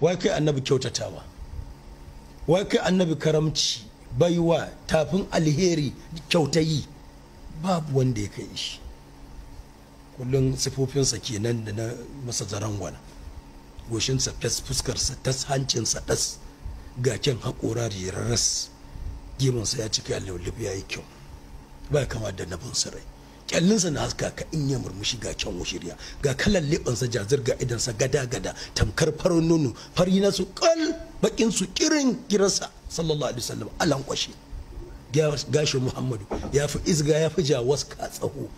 wai kai annabi kyautatawa wai kai annabi karamci baiwa tafin alheri kyautayi babu wanda ya kai shi kullum sifofinsa kenan da na masa zarangwana goshinsa fes fuskarsa tas hancinsa tas gaken haƙora da ras gemansa ya cika laulabi ya yi kyau ba kama da na nabin sarai kyallinsa na haska ka in ya murmushi ga kyan shirya ga kalan lebansa jazir ga idansa gada gada tamkar farin nono fari na su kal bakin su kirin kiransa sallallahu alaihi wasallam alan kwashi gashin muhammadu ya fi izga ya fi jawas ka tsaho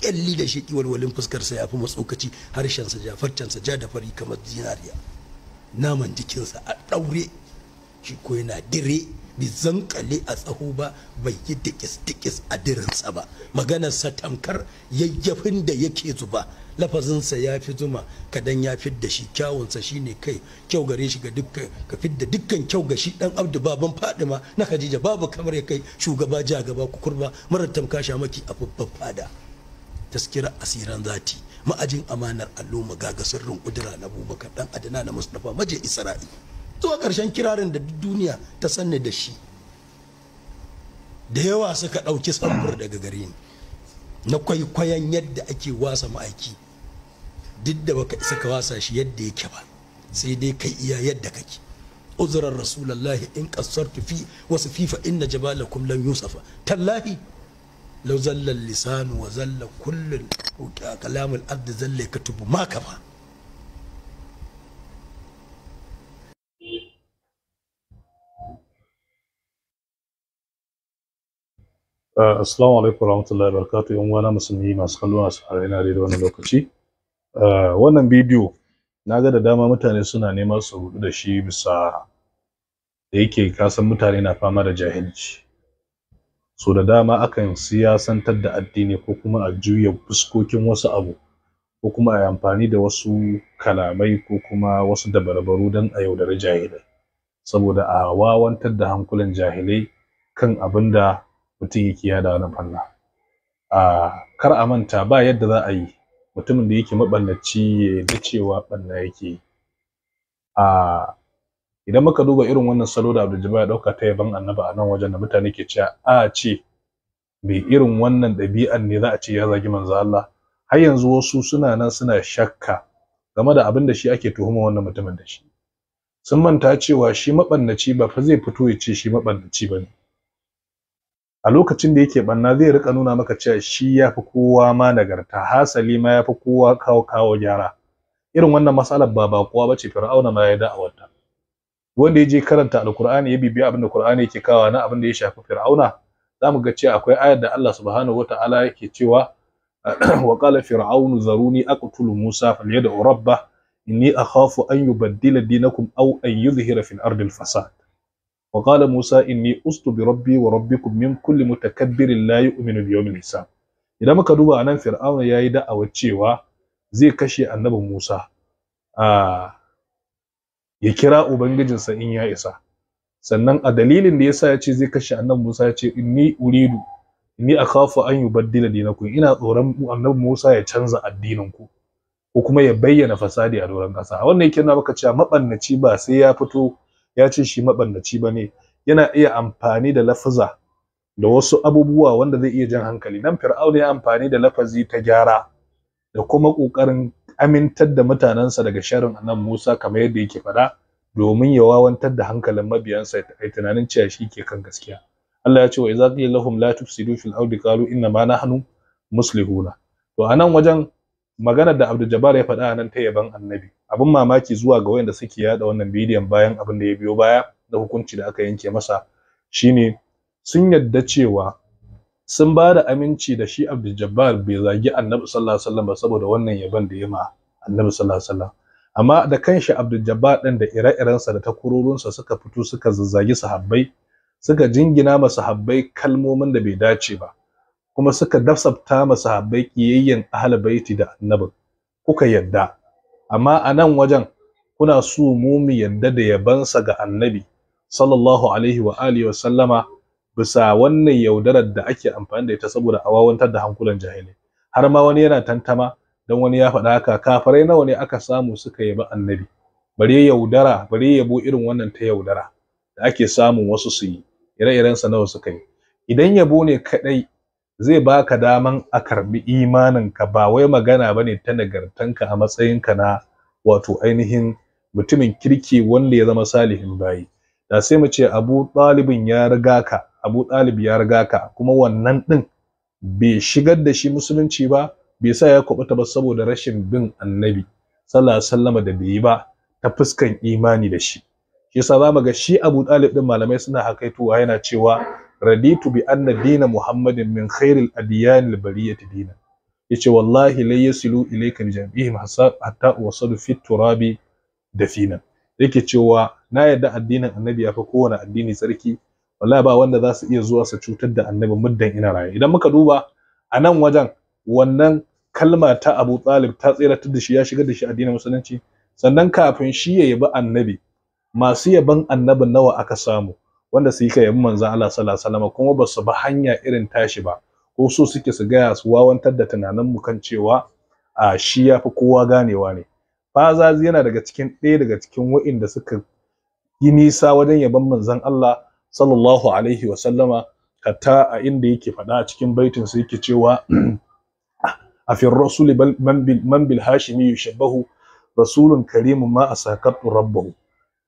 kyalli da shi walwalin fuskarsa ya fi matsokaci harshensa jafarcansa ja da fari kamar zinariya naman jikinsa a ɗaure shi ko yana dire bi zankale a tsaho ba bai yi dikis-dikis a dirinsa ba maganarsa tamkar yayyafin da yake zuba lafazinsa ya fi zuma kadan ya fi da shi kyawunsa shine kai kyau gare shi ga dukkan ka fidda dukkan kyau ga shi dan abdu baban fadima na khadija babu kamar ya kai shugaba ja gaba kukurba marar tamka sha maki a babban fada taskira asiran zati ma'ajin amanar allo magaga sirrin kudura na bubakar dan adana na mustafa maje isra'i zuwa karshen kirarin da duniya ta sanni da shi da yawa suka ɗauki samfur daga gare ni na kwaikwayon yadda ake wasa ma'aiki duk da baka isa ka wasa shi yadda yake ba sai dai kai iya yadda kake uzurar rasulallahi in kasar fi wasu fifa inna jabala kullum yusufa tallahi lau zallar lisanu wa zallar kullum kalamul zallai ka tubu maka ba. Uh, assalamu alaikum warahmatullahi wabarakatuh yan uwana musulmi masu kallo masu saurare na da wannan lokaci uh, wannan bidiyo na ga da dama mutane suna neman su rudu da shi bisa da yake kasan mutane na fama da jahilci so da dama akan siyasantar da addini ko kuma a juya fuskokin wasu abu ko kuma a yi amfani da wasu kalamai ko kuma wasu dabarbaru don a yaudari jahilai saboda a wawantar da hankulan jahilai kan abin da mutum yake yada wani falla a kar a manta ba yadda za a yi mutumin da yake maballaci ya yadda cewa ɓanna yake a idan muka duba irin wannan salo da Abdul ya ɗauka ta yaban annaba a nan wajen da mutane ke cewa a ce mai irin wannan ɗabi'an ne za a ce ya zagi manzo Allah har yanzu wasu suna nan suna shakka game da abin da shi ake tuhuma wannan mutumin da shi sun manta cewa shi mabannaci ba fa zai fito ya ce shi mabannaci ba ne a lokacin da yake banna zai rika nuna maka cewa shi ya fi kowa ma nagarta hasali ma yafi kowa kawo kawo gyara irin wannan matsalar ba bakuwa bace fir'auna ma ya wata. wanda ya je karanta alqur'ani ya bibiya abin da qur'ani yake kawa na abin da ya shafi fir'auna zamu ga cewa akwai ayar da Allah subhanahu wataala yake cewa wa qala fir'aunu zaruni aqtulu musa falyad'u rabbah inni akhafu an yubaddila dinakum aw an yuzhira fil ardi al fasad وقال موسى إني أست بربي وربكم من كل متكبر لا يؤمن بيوم الحساب idan muka duba anan fir'auna yayi da'awar cewa zai kashe annabi Musa ya kira ubangijinsa in ya isa sannan a dalilin da yasa ya ce zai kashe annabi Musa ya ce inni uridu inni akhafu an yubaddila dinakum ina tsoron annabi Musa ya canza addinin ku ko kuma ya bayyana fasadi a doron kasa wannan yake nuna maka cewa mabannaci ba sai ya fito ya ce shi mabannaci bane yana iya amfani da lafaza da wasu abubuwa wanda zai iya jan hankali nan fir'aun ya amfani da lafazi ta gyara da kuma ƙoƙarin amintar da mutanensa daga sharin annabi Musa kamar yadda yake faɗa domin ya wawantar da hankalin mabiyansa ya tunanin cewa shi ke kan gaskiya Allah ya ce wa idza qila lahum la tufsidu fil ardi qalu inna ma nahnu muslihuna to anan wajen maganar da Abdul Jabbar ya faɗa a nan ta yaban Annabi abin mamaki zuwa ga wayanda suke yada wannan bidiyon bayan abin da ya biyo baya da hukunci da aka yanke masa shine sun yadda cewa sun ba da aminci da shi Abdul Jabbar bai zagi Annabi sallallahu alaihi wasallam ba saboda wannan yaban da ya ma Annabi sallallahu alaihi wasallam amma da kanshi Abdul Jabbar din da ire-irensa da sa suka fito suka zazzagi sahabbai suka jingina ma sahabbai kalmomin da bai dace ba kuma suka dafsabta masahabbai kiyayyen ahlul baiti da annabin kuka yadda amma a nan wajen kuna so mu mu yadda da yabansa ga annabi sallallahu alaihi wa alihi wa sallama bisa wannan yaudarar da ake amfani da ita saboda awawantar da hankulan jahili har ma wani yana tantama dan wani ya faɗa haka kafirai nawa ne aka samu suka yabi annabi bare yaudara bare yabo irin wannan ta yaudara da ake samun wasu su yi ire-irensa nawa suka yi idan yabo ne kaɗai. zai baka daman a karbi imaninka ba wai magana bane ta nagartanka a matsayinka na wato ainihin mutumin kirki wanda ya zama salihin bayi da sai mu ce abu ɗalibin ya riga ka abu ɗalib ya riga ka kuma wannan ɗin bai shigar da shi musulunci ba bai sa ya kubuta ba saboda rashin bin annabi sallallahu alaihi da bai yi ba ta fuskan imani da shi shi yasa zamu ga shi abu ɗalib ɗin malamai suna hakaituwa yana cewa raditu bi anna dina muhammadin min khairil adiyanil bariyati dina yace wallahi la yasilu ilayka bi jami'ihim hatta wasalu fi turabi dafina yake cewa na yadda addinin annabi ya fi kowane addini tsarki wallahi ba wanda za su iya zuwa su cutar da annabi muddan ina raye idan muka duba a nan wajen wannan kalma ta Abu Talib ta tsiratar da shi ya shigar da shi addinin musulunci sannan kafin shi ya yabi annabi masu yaban annabin nawa aka samu wanda su yi ka yabi Allah sallallahu alaihi wasallam kuma ba su ba hanya irin tashi ba ko so suke su gaya su wawantar da tunanin mu kan cewa a shi yafi kowa ganewa ne fazazi yana daga cikin ɗaya daga cikin wa'inda suka yi nisa wajen yabon manzon Allah sallallahu alaihi wasallama hatta a inda yake faɗa a cikin baitin su yake cewa a fi rasuli man bil hashimi yushabbahu rasulun karimun ma a sakatu rabbahu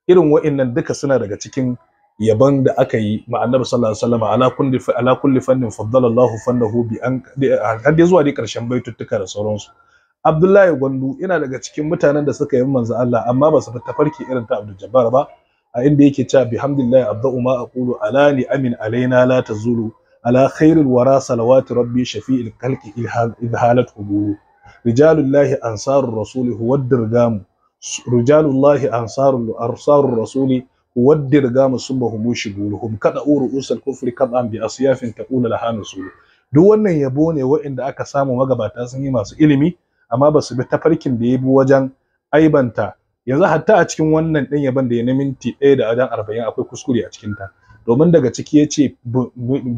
irin wa'innan duka suna daga cikin yaban da aka yi ma annabi sallallahu alaihi wasallam ala kulli fannin faddala Allahu fannahu bi an har dai zuwa dai karshen baituttuka da sauransu Abdullahi Gwandu yana daga cikin mutanen da suka yi manzo Allah amma ba su tafarki irin ta Abdul Jabbar ba a inda yake cewa bihamdillahi abda'u ma aqulu ala ni amin alaina la tazulu ala khairil wara salawati rabbi shafi'il khalqi idhalat huburu rijalullahi ansarur rasuli huwa dirgam rijalullahi ansarul ansarur rasuli waddir gama summa humushi shiguluhum kada uru usal kufri kadan bi asyafin taqulu laha nusul duk wannan yabo ne waɗanda aka samu magabata sun yi masu ilimi amma ba su bi tafarkin da ya bi wajen aibanta yanzu hatta a cikin wannan ɗin yaban da ya na minti ɗaya da wajen arba'in akwai kuskure a cikin ta domin daga ciki ya ce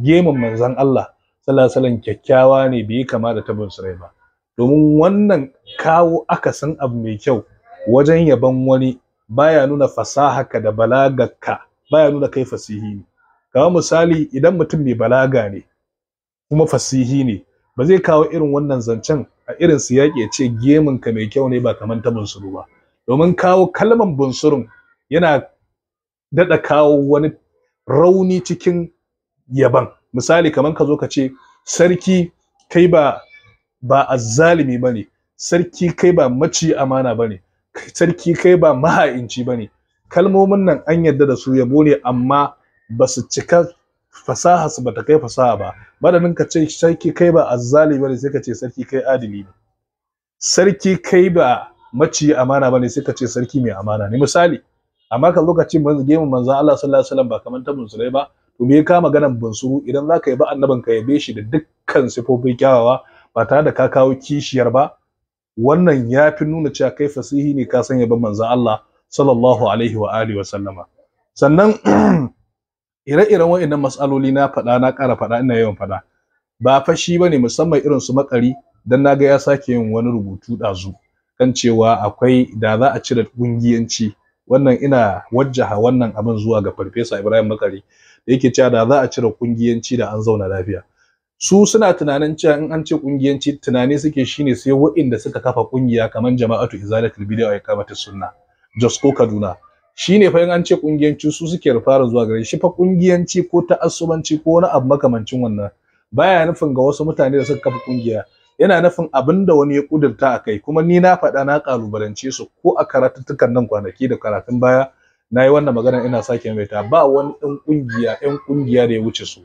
gemun manzan Allah salasalan kyakkyawa ne bai kama da tabin surai ba domin wannan kawo akasin abu mai kyau wajen yaban wani baya nuna fasahaka da balagarka baya nuna kai fasihi ne kamar misali idan mutum mai balaga ne kuma fasihi ne ba zai kawo irin wannan zancen a irin su yaƙi ya ce ka mai kyau ne ba kamar ta bunsuru ba domin kawo kalman bunsurun yana daɗa kawo wani rauni cikin yaban misali kamar ka zo ka ce sarki kai ba ba azzalimi bane sarki kai ba maci amana bane sarki kai ba maha'inci ba ne kalmomin nan an yarda da su yabo ne amma ba su cika fasaha su bata kai fasaha ba madadin ka ce sarki kai ba azzali bane sai ka ce sarki kai adili ne sarki kai ba maci amana bane sai ka ce sarki mai amana ne misali amma ka zo ka ce gemun manzon Allah sallallahu alaihi wasallam ba kamar ta bunsurai ba to me ka maganan bunsuru idan zaka yi ba annabin ka yabe shi da dukkan sifofin kyawawa ba tare da ka kawo kishiyar ba wannan ya fi nuna cewa kai fasihi ne ka san ban manzon Allah sallallahu alaihi wa alihi wa sallama sannan ire-iren wa'annan matsaloli na faɗa na ƙara faɗa ina yawan faɗa ba fa shi bane musamman irin su makari dan ga ya sake yin wani rubutu ɗazu kan cewa akwai da za a cire kungiyanci wannan ina wajjaha wannan abin zuwa ga farfesa Ibrahim Makari da yake cewa da za a cire ƙungiyanci da an zauna lafiya su suna tunanin cewa in an ce kungiyanci tunani suke shine sai wa'inda suka kafa kungiya kamar jama'atu izalatul bid'a wa iqamatus sunna Josko Kaduna shine fa in an ce kungiyanci su suke fara zuwa gare shi fa kungiyanci ko ta'assubanci ko wani abu makamancin wannan baya nufin ga wasu mutane da suka kafa kungiya yana nufin abin da wani ya kudurta a kai kuma ni na faɗa na kalubalance su ko a karatuttukan nan kwanaki da karatun baya na yi wannan magana ina sake maita, ba wani ɗan kungiya ɗan kungiya da ya wuce su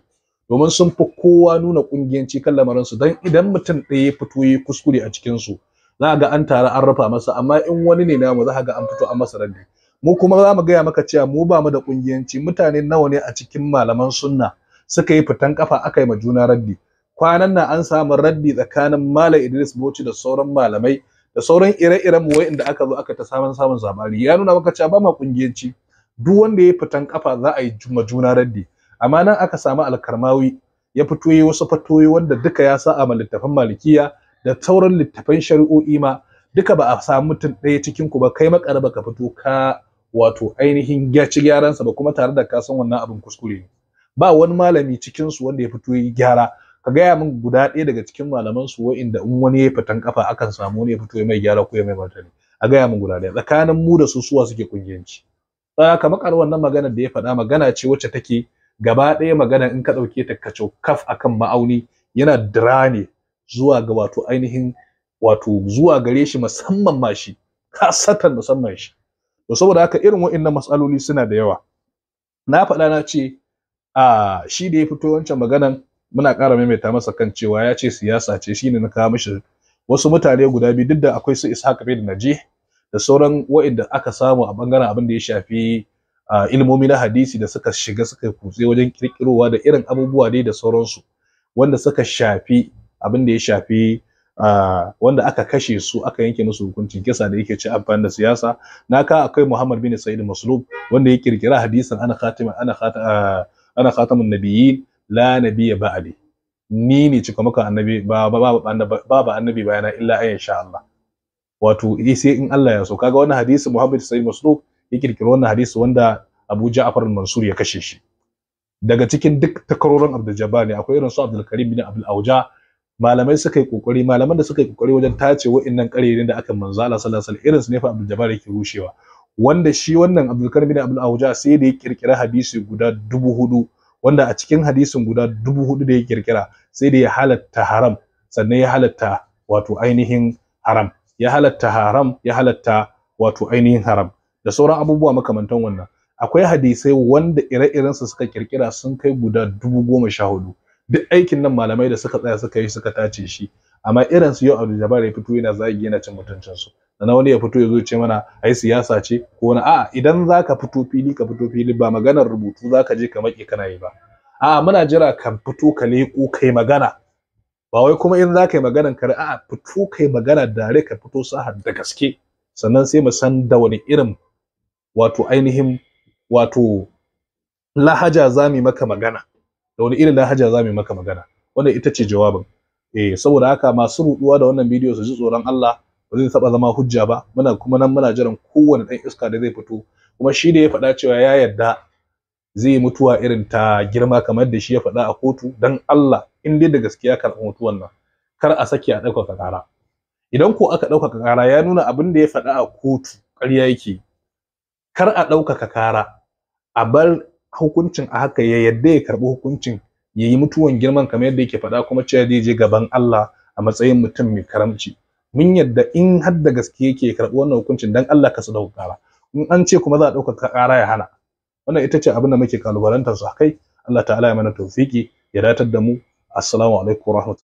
domin sun fi kowa nuna kungiyanci kan lamarinsu don idan mutum ɗaya ya fito ya kuskure a cikinsu za ga an tare an rufa masa amma in wani ne namu za ga an fito an masa raddi mu kuma za mu gaya maka cewa mu ba mu da kungiyanci mutane nawa ne a cikin malaman sunna suka yi fitan kafa aka yi ma juna raddi kwanan nan an samu raddi tsakanin malam Idris Bauchi da sauran malamai da sauran ire-iren mu wa'inda aka zo aka ta samun samun sabari ya nuna maka cewa ba ma kungiyanci duk wanda ya fitan kafa za a yi ma juna raddi amma nan aka samu alkarmawi ya fito yi wasu fatoyi wanda duka ya sa a littafan malikiya da sauran littafan shari'o'i ma duka ba a samu mutum ɗaya cikin ku ba kai makara ka fito ka wato ainihin gyaci gyaran sa ba kuma tare da ka san wannan abin kuskure ne ba wani malami cikin su wanda ya fito yi gyara ka gaya min guda ɗaya daga cikin malaman su wa'inda in wani ya fitan kafa akan samu wani ya fito mai gyara ko ya mai martani a gaya min guda ɗaya tsakanin mu da su suwa suke kungiyanci tsaya makar wannan maganar da ya faɗa magana ce wacce take gaba ɗaya magana in ka ɗauke ta ka kaf kan ma'auni yana dira ne zuwa ga wato ainihin wato zuwa gare shi musamman ma shi kasatan musamman shi to saboda haka irin wa'annan matsaloli suna da yawa na faɗa na ce a shi da ya fito wancan maganan muna ƙara maimaita masa kan cewa ya ce siyasa ce shine na kawo mishi wasu mutane guda biyu duk da akwai su Ishaq bin Najih da sauran wa'inda aka samu a bangaren abin da ya shafi ilmomi na hadisi da suka shiga suka kutse wajen kirkirowa da irin abubuwa dai da sauransu wanda suka shafi abin da ya shafi wanda aka kashe su aka yanke musu hukuncin kisa da yake ci amfani da siyasa na ka akwai Muhammad bin Sa'id Maslub wanda ya kirkira hadisin ana khatimin ana ana khatamun nabiyyin la nabiyya ba'di ni ne cika maka annabi ba ba ba annabi bayana illa ayyasha Allah wato sai in Allah ya so kaga wannan hadisin Muhammad Sa'id Maslub ya kirkiri wannan hadisi wanda Abu Ja'far al-Mansur ya kashe shi daga cikin duk takarorin Abdul Jabbar ne akwai irin su Abdul Karim bin Abdul Auja malamai suka yi kokari malaman da suka yi kokari wajen tace wa'annan ƙarerin da aka manzo Allah sallallahu alaihi wasallam irin su ne fa Abdul Jabbar yake rushewa wanda shi wannan Abdul Karim bin Abdul Auja sai da ya kirkira hadisi guda dubu hudu wanda a cikin hadisin guda dubu hudu da ya kirkira sai da ya halatta haram sannan ya halatta wato ainihin haram ya halatta haram ya halatta wato ainihin haram da sauran abubuwa makamantan wannan akwai hadisai wanda ire-iren su suka kirkira sun kai guda dubu goma sha hudu duk aikin nan malamai da suka tsaya suka yi suka tace shi amma irin su yau Abdul Jabbar ya fito yana zagi yana cin mutuncin su sannan wani ya fito ya zo ce mana ai siyasa ce ko wani a'a idan zaka fito fili ka fito fili ba maganar rubutu zaka je ka make kana yi ba a'a muna jira ka fito ka leƙo kai magana ba wai kuma in zaka yi maganar kare a'a fito kai magana dare ka fito sahar da gaske sannan sai mu san da wani irin wato ainihin wato lahaja za mu maka magana da wani irin lahaja za mu maka magana wannan ita ce jawabin eh saboda haka masu ruduwa da wannan bidiyo su ji tsoron Allah ba zai taba zama hujja ba muna kuma nan muna jiran kowane dan iska da zai fito kuma shi da ya faɗa cewa ya yarda zai mutuwa irin ta girma kamar da shi ya faɗa a kotu dan Allah in dai da gaskiya kan mutuwan nan kar a saki a ɗaukaka ƙara idan ko aka ɗaukaka ƙara ya nuna abin da ya faɗa a kotu ƙarya yake kar a ɗaukaka kara a bar hukuncin a haka ya yadda ya karɓi hukuncin ya yi mutuwan girman kamar yadda yake faɗa kuma cewa zai je gaban Allah a matsayin mutum mai karamci mun yadda in har da gaske yake karɓi wannan hukuncin dan Allah ka su ɗauka kara in an ce kuma za a ɗaukaka kara ya hana wannan ita ce abin da muke kalubalantar su kai Allah ta'ala ya mana tawfiki ya datar da mu assalamu alaikum warahmatullahi